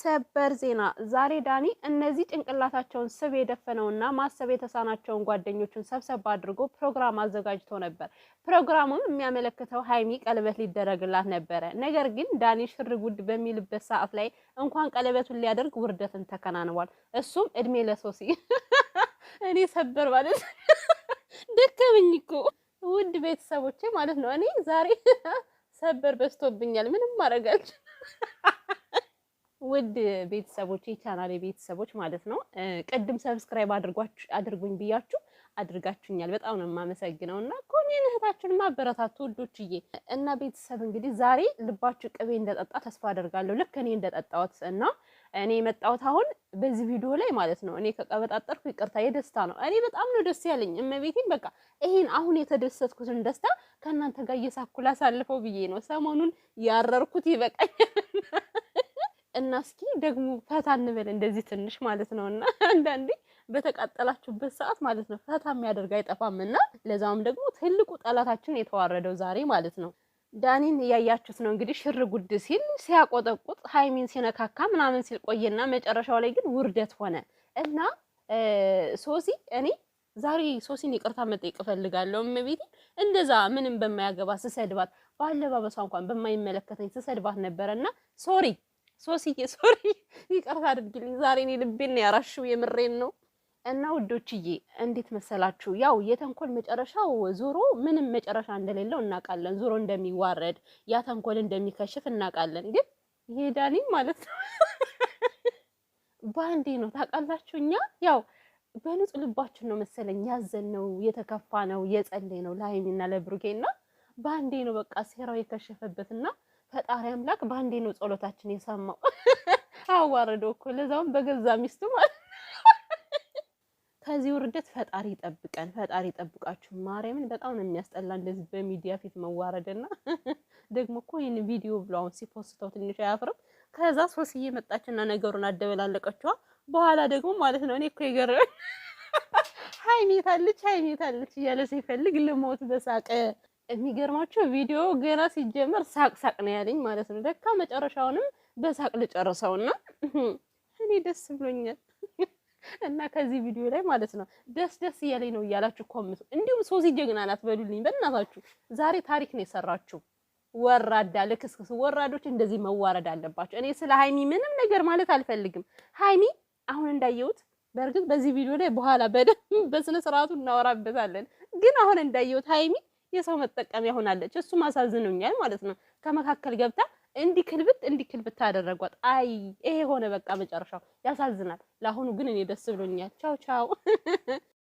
ሰበር ዜና ዛሬ ዳኒ እነዚህ ጭንቅላታቸውን ስብ የደፈነውና ማሰብ የተሳናቸውን ጓደኞቹን ሰብሰብ አድርጎ ፕሮግራም አዘጋጅቶ ነበር። ፕሮግራሙም የሚያመለክተው ሀይሚ ቀለበት ሊደረግላት ነበረ። ነገር ግን ዳኒ ሽር ጉድ በሚልበት ሰዓት ላይ እንኳን ቀለበቱን ሊያደርግ ውርደትን ተከናንቧል። እሱም እድሜ ለሶሲ እኔ ሰበር ማለት ደከመኝ እኮ ውድ ቤተሰቦቼ ማለት ነው። እኔ ዛሬ ሰበር በዝቶብኛል። ምንም ማረጋል ውድ ቤተሰቦች የቻናል ቤተሰቦች ማለት ነው። ቅድም ሰብስክራይብ አድርጉኝ ብያችሁ አድርጋችሁኛል። በጣም ነው የማመሰግነው እና ኮሜን እህታችን ማበረታቱ ውዶችዬ እና ቤተሰብ እንግዲህ ዛሬ ልባችሁ ቅቤ እንደጠጣ ተስፋ አደርጋለሁ ልክ እኔ እንደጠጣሁት እና እኔ የመጣሁት አሁን በዚህ ቪዲዮ ላይ ማለት ነው። እኔ ከቀበጣጠርኩ ይቅርታ፣ የደስታ ነው። እኔ በጣም ነው ደስ ያለኝ እመቤቴን። በቃ ይሄን አሁን የተደሰትኩትን ደስታ ከእናንተ ጋር እየሳኩ ላሳልፈው ብዬ ነው። ሰሞኑን ያረርኩት ይበቃኛል። እና እስኪ ደግሞ ፈታ እንበል እንደዚህ ትንሽ ማለት ነው። እና አንዳንዴ በተቃጠላችሁበት ሰዓት ማለት ነው ፈታ የሚያደርግ አይጠፋም። እና ለዛውም ደግሞ ትልቁ ጠላታችን የተዋረደው ዛሬ ማለት ነው። ዳኒን እያያችሁት ነው እንግዲህ ሽር ጉድ ሲል ሲያቆጠቁጥ፣ ሀይሚን ሲነካካ ምናምን ሲል ቆየና መጨረሻው ላይ ግን ውርደት ሆነ እና ሶሲ እኔ ዛሬ ሶሲን ይቅርታ መጠየቅ እፈልጋለሁ። እመቤቴ እንደዛ ምንም በማያገባ ስሰድባት በአለባበሷ እንኳን በማይመለከተኝ ስሰድባት ነበረ እና ሶሪ ሶስዬ ሶሪ ይቅርታ አድርጊልኝ። ዛሬ እኔ ልቤን ነው ያራሽው፣ የምሬን ነው። እና ውዶችዬ እንዴት መሰላችሁ? ያው የተንኮል መጨረሻው ዞሮ ምንም መጨረሻ እንደሌለው እናውቃለን። ዞሮ እንደሚዋረድ ያ ተንኮል እንደሚከሽፍ እናውቃለን። ግን ይሄ ዳኒ ማለት ነው በአንዴ ነው ታውቃላችሁ። እኛ ያው በንጹህ ልባችን ነው መሰለኝ ያዘን ነው የተከፋ ነው የጸለይ ነው ለሀይሚና ለብሩጌና በአንዴ ነው በቃ ሴራው የከሸፈበትና ፈጣሪ አምላክ በአንዴ ነው ጸሎታችን የሰማው። አዋረደው እኮ ለዛውም በገዛ ሚስቱ ማለት ከዚህ ውርደት ፈጣሪ ይጠብቀን፣ ፈጣሪ ይጠብቃችሁ። ማርያምን በጣም ነው የሚያስጠላ እንደዚህ በሚዲያ ፊት መዋረድና ደግሞ እኮ ይህን ቪዲዮ ብሎ አሁን ሲፖስተው ትንሽ አያፍርም። ከዛ ሶስዬ መጣችና ነገሩን አደበላለቀችዋ። በኋላ ደግሞ ማለት ነው እኔ እኮ የገረመኝ ሀይሜታለች ሀይሜታለች እያለ ሲፈልግ ልሞት በሳቀ የሚገርማችሁ ቪዲዮ ገና ሲጀመር ሳቅ ሳቅ ነው ያለኝ ማለት ነው። ደካ መጨረሻውንም በሳቅ ልጨርሰውና እኔ ደስ ብሎኛል እና ከዚህ ቪዲዮ ላይ ማለት ነው ደስ ደስ እያለኝ ነው እያላችሁ ኮምቱ። እንዲሁም ሶሲ ጀግና ናት በሉልኝ በእናታችሁ። ዛሬ ታሪክ ነው የሰራችሁ። ወራዳ ልክስክስ ወራዶች እንደዚህ መዋረድ አለባቸው። እኔ ስለ ሀይሚ ምንም ነገር ማለት አልፈልግም። ሀይሚ አሁን እንዳየሁት በእርግጥ በዚህ ቪዲዮ ላይ በኋላ በደንብ በስነ ስርዓቱ እናወራበታለን። ግን አሁን እንዳየሁት ሀይሚ የሰው መጠቀሚያ ሆናለች። እሱም አሳዝኖኛል ማለት ነው። ከመካከል ገብታ እንዲ ክልብት እንዲ ክልብት አደረጓት። አይ ይሄ ሆነ በቃ መጨረሻው ያሳዝናል። ለአሁኑ ግን እኔ ደስ ብሎኛል። ቻው ቻው።